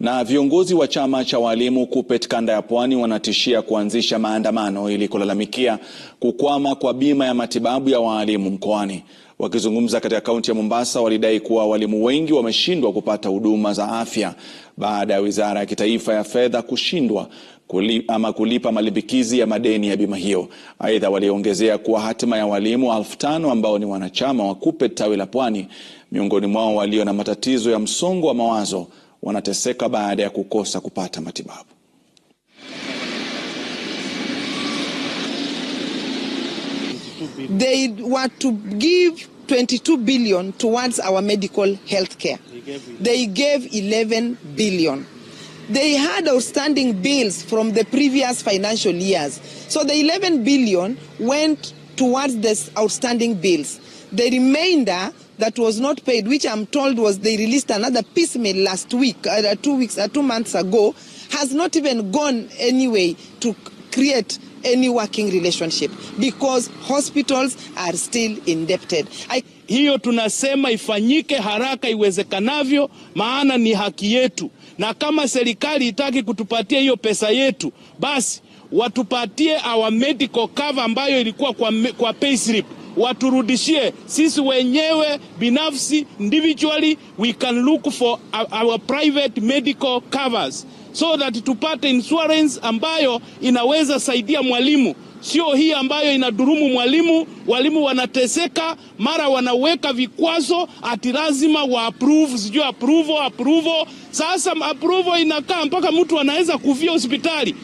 Na viongozi wa chama cha walimu KUPPET kanda ya Pwani wanatishia kuanzisha maandamano ili kulalamikia kukwama kwa bima ya matibabu ya walimu mkoani. Wakizungumza katika kaunti ya Mombasa, walidai kuwa walimu wengi wameshindwa kupata huduma za afya baada ya Wizara ya Kitaifa ya Fedha kushindwa kuli, ama kulipa malimbikizi ya madeni ya bima hiyo. Aidha, waliongezea kuwa hatima ya walimu elfu tano ambao ni wanachama wa KUPPET tawi la Pwani, miongoni mwao walio na matatizo ya msongo wa mawazo wanateseka baada ya kukosa kupata matibabu. They were to give 22 billion towards our medical health care. They gave 11 billion. They had outstanding bills from the previous financial years. So the 11 billion went towards the outstanding bills. The remainder that was not paid, which I'm told was they released another piecemeal last week, uh, uh two weeks, uh, two months ago, has not even gone anyway to create any working relationship because hospitals are still indebted. I... Hiyo tunasema ifanyike haraka iwezekanavyo, maana ni haki yetu, na kama serikali itaki kutupatia hiyo pesa yetu, basi watupatie our medical cover ambayo ilikuwa kwa, kwa payslip waturudishie sisi wenyewe binafsi, individually we can look for our private medical covers so that tupate insurance ambayo inaweza saidia mwalimu, sio hii ambayo inadurumu mwalimu. Walimu wanateseka, mara wanaweka vikwazo ati lazima wa approve, sijui approval approval. Sasa approval inakaa mpaka mtu anaweza kufia hospitali.